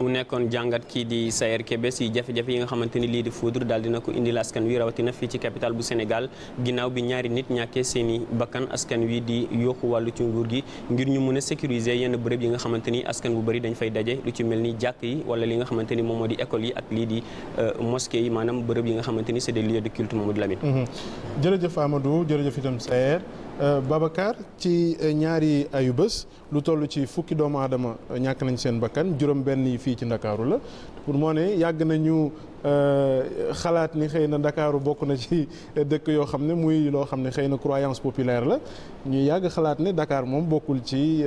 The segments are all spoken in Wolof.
mu nekkoon jàngat kii di Sayer Kébé si jafe-jafe yi nga xamante ni lii di foudre daal dina ko indil askan wi rawatina fii ci capital bu Sénégal ginnaaw bi ñaari nit ñàkkee seeni bakkan askan wi di yokku wàllu ci nguur gi ngir ñu mën a sécuriser yenn bërëb yi nga xamante ni askan bu bëri dañ fay daje lu ci mel ni jàkk yi wala li nga xamante ni moom moo di école yi ak lii di euh, mosquée yi maanaam bërëb yi nga xamante ni c'est des lieux de culte Mamadou Euh, Babacar ci euh, ñaari ayu bés lu toll ci fukki doomu aadama euh, ñàkk nañ seen bakkan juróom benn yi fii ci ndakaaru la pour moo ne yàgg nañu xalaat ni xëy na ndakaaru bokk na ci dëkk yoo xam ne muy loo xam ne xëy na croyance populaire la ñuy yàgg xalaat ne ndakaar moom bokkul ci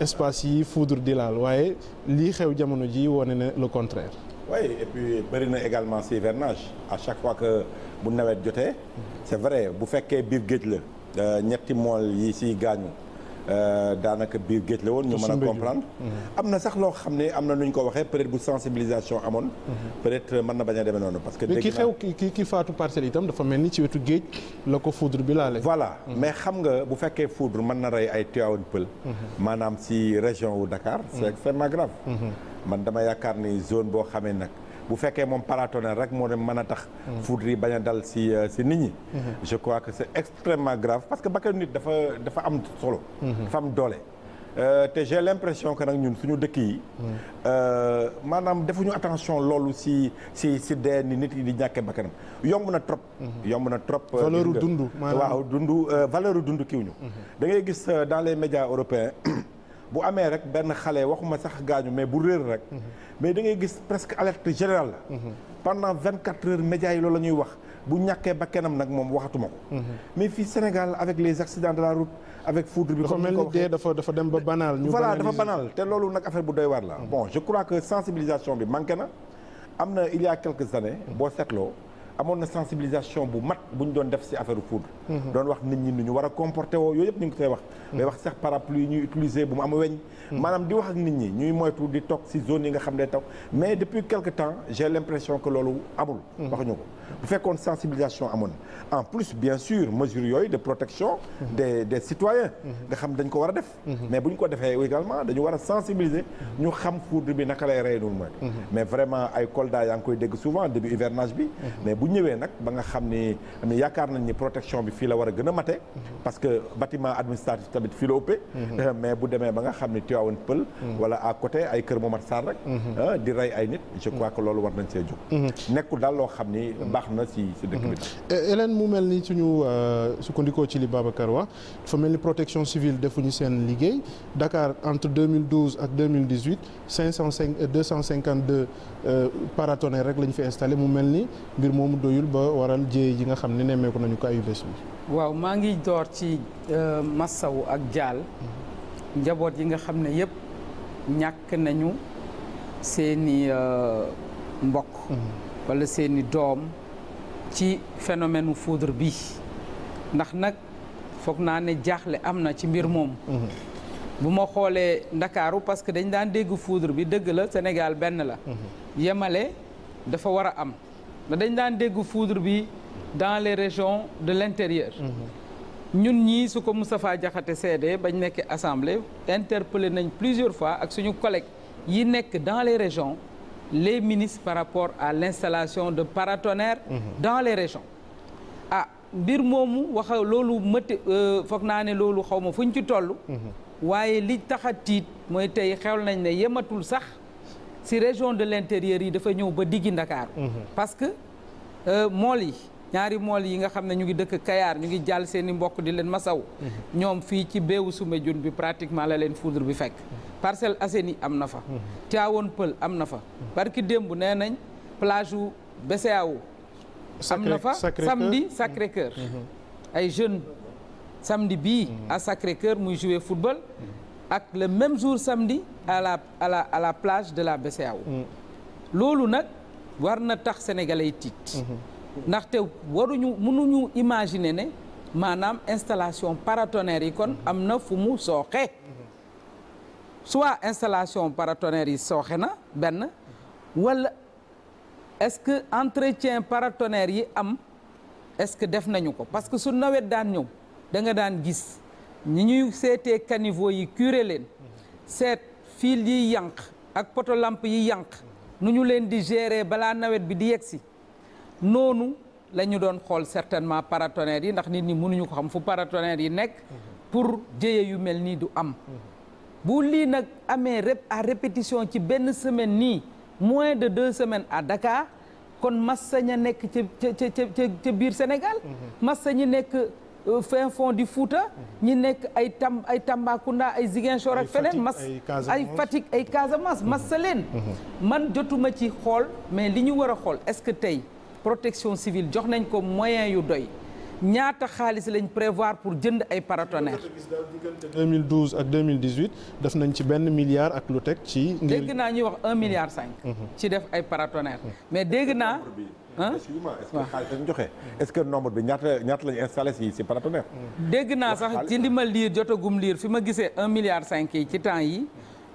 espace yi foudre di laal waaye lii xew jamono ji wone ne le contraire oui et puis bëri na également sivernage à chaque fois que bu nawet jotee c'est vrai bu fekkee biir géej la Euh, ñetti mool yi si gaañu euh, daanaka biir géej la woon ñu man a comprendre mhm. am na sax loo xam ne am na nu ñu ko waxee peut-être bu sensibilisation amoon mhm. peut-être mën na bañ a demee noonu parce que ki xew ki ki faatu parcelle itam dafa mel ni ci wetu géej la ko foudre bi laale voilà mhm. mais xam nga bu fekkee foudre man na rey ay Tivaouane Peulh maanaam si région wu Dakar c'est extrêmement grave man dama yaakaar ni zone boo xamee nag bu fekkee moom paratonnerre rek moo dem mën a tax foudre bañ a dal si euh, nit ñi mhm. je crois que c'est extrêmement grave parce que bakkanu nit dafa dafa am solo mhm. dafa am doole euh, te j'ai l'impression que nag ñun suñu dëkk yi mhm. euh, maanaam defuñu attention loolu si si si dee nit yi di ñàkkee bakkanam yomb na trop yomb na trop valeur dund waaw dund valeur dund kiiw ñu gis dans les médias européens bu amee rek benn xale waxuma sax gaañu mais bu réer rek. mais da ngay gis presque alerte générale la. pendant vingt quatre heures média yi loolu la ñuy wax bu ñàkkee ba kenam nag moom waxatuma ko. mais fii Sénégal avec les accidents de la route avec foudre bi. comme ni ko waxee dafa dafa dem ba banal. ñu voilà dafa banal te loolu nag affaire bu doy waar la. Hmm. bon je crois que sensibilisation bi manqué na am na il y a boo seetloo. amoon na sensibilisation bu mat bu ñu doon def ci affaire foudre mhm. doon wax nit ñi nu ñu war a comporté woo yooyu yëpp ñu ngi koy wax mais mhm. wax sax parapluie yi ñuy utiliser bu mu am weñ mhm. maanaam di wax ak nit ñi ñuy moytu di toog ci zone yi nga xam ne taw mais depuis quelque temps j'ai l'impression que loolu amul waxuñu ko bu fekkoon sensibilisation amoon en plus bien sûr mesures yooyu de protection des des citoyens nga xam dañ ko war a def mais bu ñu ko defee également dañu war a ñu xam bi naka lay rey noonu mais vraiment ay Kolda yaa ngi koy dégg souvent début bu ñëwee nag ba nga xam ni yaakaar nañ ni protection bi fii la war a gën a mate parce que bâtiment administratif tamit fii la ëppee mhm. mais bu demee ba nga xam ni Tivaouane Peulh mhm. wala à côté ay Kër Momar Sarr rek mhm. ah, di rey ay nit je crois que loolu war nañ see jóg nekkul daal loo xam ni baax na si si dëkk bi e, Hélène mu mel ni suñu euh, sukkandikoo ci li Babacar wax dafa mel ni protection civile defuñu seen liggéey Dakar entre 2012 ak 2018 505 252 paratonnerres rek la fi installé mu mel ni mu doyul ba waral jéey yi nga xam ne nemmeeku nañu ko ayu bés waaw maa ngi door ci euh, massawu ak jaal mm-hmm. njaboot yi nga xam ne yëpp ñàkk nañu seeni euh, mbokk mm-hmm. wala seeni doom ci phénomène u foudre bi ndax nag foog naa ne jaaxle am na ci mbir moom mm-hmm. bu ma xoolee ndakaaru parce que dañ daan dégg foudre bi dëgg la Sénégal benn la yemale dafa war a am dañ daan dégg foudre bi dans les régions de l'intérieur mm-hmm. ñun ñii su ko Moustapha Diakhaté seede bañ nekk assemblée interpellé nañ plusieurs fois ak suñu collègue yi nekk dans les régions les ministre par rapport à l'installation de paratonnerres mm-hmm. dans les régions ah mbir moomu wax loolu mëtt euh, foog naa ne loolu xaw ma fu ñu ci toll mm-hmm. waaye li tax a mooy tey xew nañ ne yematul sax si région de l'intérieur yi dafa ñëw ba diggi Ndakaaru mhm. parce que euh, mool yi ñaari mool yi nga xam ne ñu ngi dëkk Kayaar ñu ngi jàll seeni mbokk di leen ma saw mhm. ñoom fii ci beewu Soumbédioune bi pratiquement la leen foudre bi fekk mhm. Parcelles Assainies am na fa woon Peulh am na fa barki démb nee nañ plage u BCEAO am na fa samedi Sacré-Cœur ay jeunes samedi bi à Sacré-Cœur muy jouer football ak le même jour samedi à la à la à la plage de la BCEAO loolu nag war na tax sénégalais tiit ndaxte waruñu mënuñu imaginer ne maanaam installation paratonnerre yi kon am na fu mu sooxee soit installation paratonnerre yi sooxe na benn wala est-ce que entretien paratonnerre yi am est-ce que def nañu ko parce que su nawet daan ñëw da daan gis ñi ñuy seetee caniveau yi curé leen seet fil yi yànq ak poto lamp yi yànq nu ñu leen di gérer balaa nawet bi di yegsi noonu la doon xool certainement paratonnerres yi ndax nit ñi mënuñu ko xam fu paratonnerres yi nekk pour jéye yu mel nii du am bu lii nag amee rép à répétition ci benn semaine nii moins de deux semaines à Dakar kon massa ña nekk ca ca ca ca biir Sénégal mm-hmm. massa ñi nekk Euh, fin fond di Fouta. ñi nekk ay tam ay Tambacounda ay Ziguinchor ak feneen. mas ay Fatick ay Casamance massa leen. Mhm. Mhm. man jotuma ci xool mais li ñu war a xool est-ce que tey protection civile jox nañ ko moyen yu doy. ñaata xaalis lañ prévoir pour jënd ay paratonnerre. 2012 ak 2018 def nañ ci benn milliard ak lu teg ci. ngir dégg naa ñuy wax un milliard cinq. Mhm. ci def ay paratonnerre. mais dégg naa. excuse-moi joxe est-ce que nombre bi ñaata ñaata lañu installé si si paratonnerre dégg naa sax ci li ma liir jotagum liir fi ma gisee un milliard cinq yi ci temps yi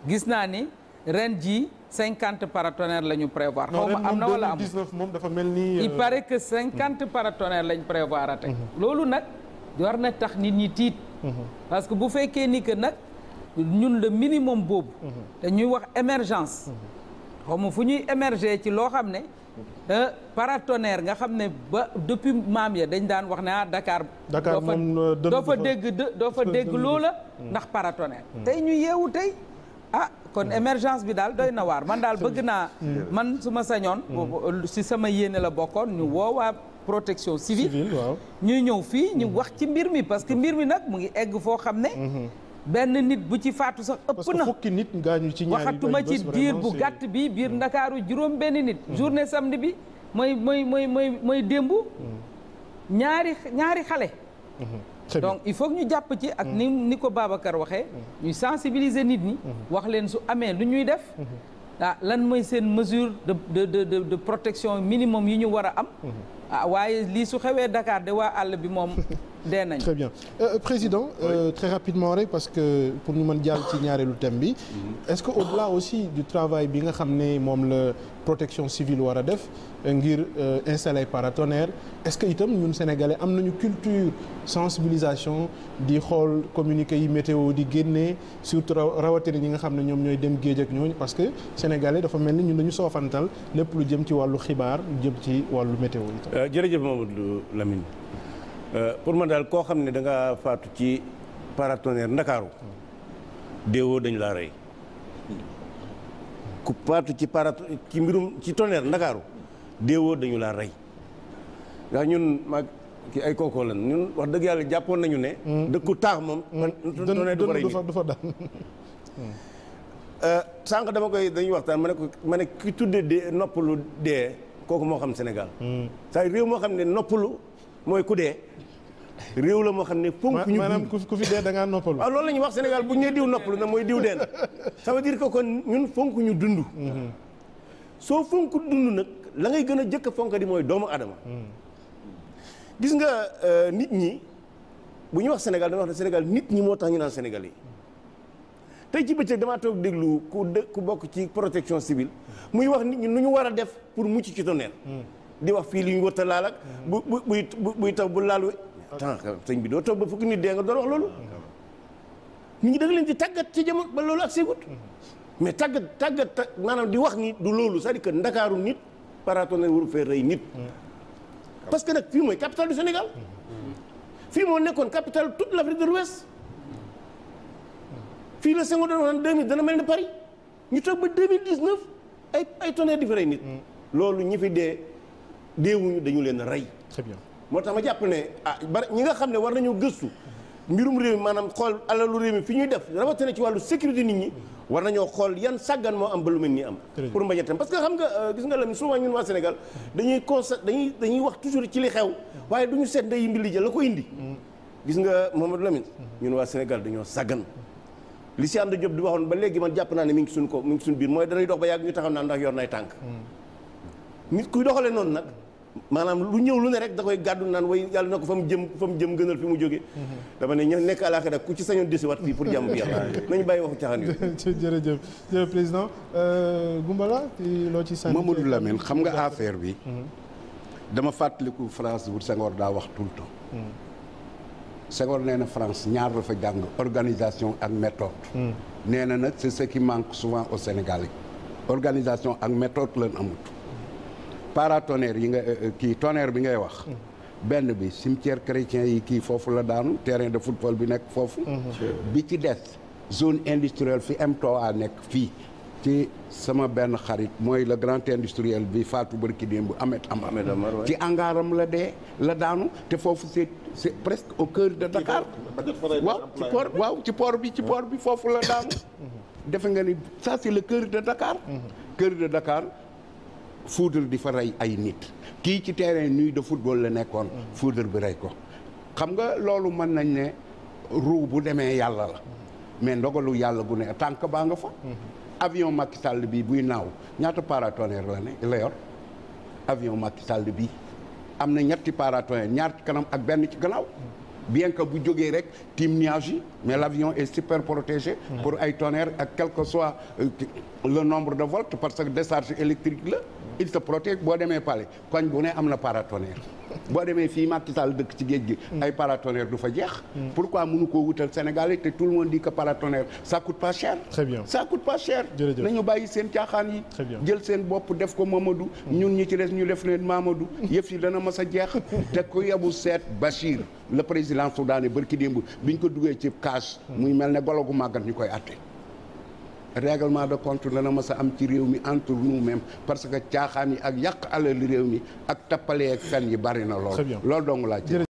gis naa ni ren ji cinquante paratonnerre la ñu prévoir xaw ma am na wala am moom dafa mel ni il euh, paraît que cinquante paratonnerre lañ prévoir ate mhm. loolu nag war na tax nit ñi tiit mhm. parce que bu fekkee ni que nag ñun le minimum boobu mhm. ñuy wax émergence xaw fu ñuy émerger ci loo xam ne euh, paratonnerre nga xam ne ba depuis maam ya dañ daan wax ne ah Dakar doo fa euh, doo fa dégg doo fa dégg loola ndax paratonnerre hmm. tey ñu yeewu tey ah kon hmm. émergence bi daal doy na waar man daal bëgg naa hmm. man su ma sañoon euh, si sama yéene la bokkoon ñu woowaa protection civile ñuy ñëw fii ñu wax ci mbir mi parce que mbir mi nag mu ngi egg foo xam ne benn nit bu ci faatu sax ëpp na fukki nit gaañu ci ñaari waxatuma ci diir bu gàtt bi biir mm. ndakaaru juróom benn nit mm. journée samedi bi mooy mooy mooy mooy mooy démb mm. ñaari ñaari xale mm-hmm. donc il faut ñu jàpp ci ak ni ni ko Babacar waxee ñuy sensibiliser nit ñi mm-hmm. wax leen su amee lu ñuy def mm-hmm. ah lan mooy seen mesure de de de protection minimum yi ñu war a am ah, waaye lii su xewee Dakar de waa àll bi moom dee nañ très bien euh, président euh, très rapidement rek parce que pour ñu mën jàll ci ñaareelu thème bi mhm. est-ce que au-delà aussi du travail bi nga xam ne moom la protection civile war a def euh, ngir euh, installer paratonnerre est-ce que itam ñun sénégalais am nañu culture sensibilisation di xool communiqué yi météo di génne surtout rawatina ñi nga xam ne ñoom ñooy dem géej ak ñooñu parce que sénégalais dafa mel ni ñun dañu soofantal lépp lu jëm ci wàllu xibaar lu jëm ci wàllu météo itam euh, jërëjëf Mamadou Lamine Euh, pour ma daal koo xam ne da faatu ci paratonnerre ndakaaru déewoo dañu laa rey ku faatu ci para ci mbirum ci tonnerre ndakaaru déewoo dañu laa rey ndax ñun maag ki ay kookoo lan ñun wax dëgg yàlla jàppoon nañu ne mm. dëkku taax moom tonnerre mm. du rey du fa daan mm. euh, dama koy dañuy waxtaan ma ne ko ma ne ki tudde dee noppalu dee kooku moo xam senegal saa réew moo xam ne noppalu mooy ku dee réew la moo xam ne ponk ñu maanaam ku fi dee da ngaa noppalu waaw ah, loolu la ñuy wax Sénégal bu ñu nee diw noppalu na mooy diw dee na ça veut dire que kon ñun fonk ñu dund mm-hmm. soo fonk dund nag la ngay gën a jëkk fonk di mooy doomu adama mm. gis nga euh, nit ñi bu ñu wax Sénégal dama wax ne Sénégal nit ñi moo tax ñu naan Sénégal yi tey ci bëccëg damaa toog déglu ku ku bokk ci protection civile mm. muy wax nit ñi lu ñu war a def pour mucc ci tonnerre mm. di wax fii li ñu wërta laal ak bu buy buy tax bu laalu temps sëñ bi doo toog ba fukki nit dee nga doon wax loolu nit ñi da nga leen ci jamono ba loolu ak sigut tàggat tàggat maanaam di wax ni du loolu cest ndakaaru nit paratonné waru fee rey nit que nag fii mooy capitale du Sénégal fii moo nekkoon capitale la Senghor doon wax naan 2000 dana mel ne Paris ñu toog ba 2019 ay ay tonnerre ay fa rey nit mm. loolu ñi fi dee deewuñu dañu leen rey. moo tax ma jàpp ne ah bari ñi nga xam ne war nañoo gëstu. mbirum réew mi maanaam xool alalu réew mi fi ñuy def rawatina ci wàllu sécurité nit ñi war nañoo xool yan sàggan moo am ba lu mel ni am pour mbañ a parce que xam nga euh, gis nga lam souvent ñun waa Sénégal dañuy constat dañuy dañuy wax toujours ci li xew waaye du ñu seet ndeyu mbili ja la ko indi gis nga Mamadou Lamine mm-hmm. ñun waa Sénégal dañoo sàggan li si ànd Diop di waxoon ba léegi man jàpp naa ne mi ngi suñ ko mi ngi suñ biir mooy danay dox ba yàgg ñu taxaw naan ndax tànk mm-hmm. nit kuy doxalee nag maanaam lu ñëw lu ne rek da koy gàddu naan way yàlla na ko fa mu jëm fa jëm gënal fi mu jóge dama ne ña nekk àlaaxira ku ci sañoon desi wat fii pour jàmm bi yàlla nañu bàyyi waxu caaxaan euh, loo ci sànni Mamadou Lamine xam nga affaire bi mhm. dama fàttaliku France bu Senghor daa wax tout le temps mhm. nee na France ñaar la fa jàng organisation ak méthode mhm. nee na nag c'est ce manque souvent au Sénégal organisation ak méthode lañ amut paratonnerre yi nga euh, kii tonnerre bi ngay wax. benn bi cimetière chrétien yi kii foofu la daanu terrain de football bi nekk foofu. bi ci des zone industrielle fi MTOA nekk fii. ci sama benn xarit mooy le grand industriel bi faatu Barki démb Ahmed Amar ci angaaram la dee la daanu te foofu c'est c'est presque au cœur de Dakar waaw ci port bi ci port bi foofu la daanu defe nga ni ça c'est le cœur de Dakar mm-hmm. cœur de Dakar foudre di fa rey ay nit kii ci terrain nuit de football la nekkoon foudre bi rey ko xam nga loolu mën nañ ne ruu bu demee yàlla la mais ndogalu yàlla gu ne tànk baa nga fa mhm. avion Macky Sall bii buy naaw ñaata paratonnerre la ne la yor avion Macky Sall bi am na ñetti paratonnerre ñaar kanam ak benn ci gannaaw mhm. bien que bu jógee rek tim nuage yi mais l' avion est super protégé mhm. pour ay tonnerre ak quel que soit euh, le nombre de volts parce que décharge électrique la il sa protège boo demee palais koñ bu ne am na paratonnerre boo demee fii Macky dëkk ci géej gi ay paratonnerre du fa jeex pour mm. pourquoi mënu koo wutal Sénégalais te tout le monde dit que paratonnerre ça coûte pas cher très bien ça coûte pas cher nañu bàyyi seen caaxaan yi jël seen bopp def ko Mamadou mm. ñun ñi ci des ñu def leen Mamadou yëf yi dana mas a jeex te ku yebu seet Bachir le président soudanais bërki démb bi ñu ko duggee ci kaas mm. muy mel ne golo gu màggat ñu koy àtte règlement de compte dana mas a am ci réew mi entre nous même parce que caaxaan yi ak yàq alal réew mi ak tappalee ak fen yi bari na lool loolu dong laa ci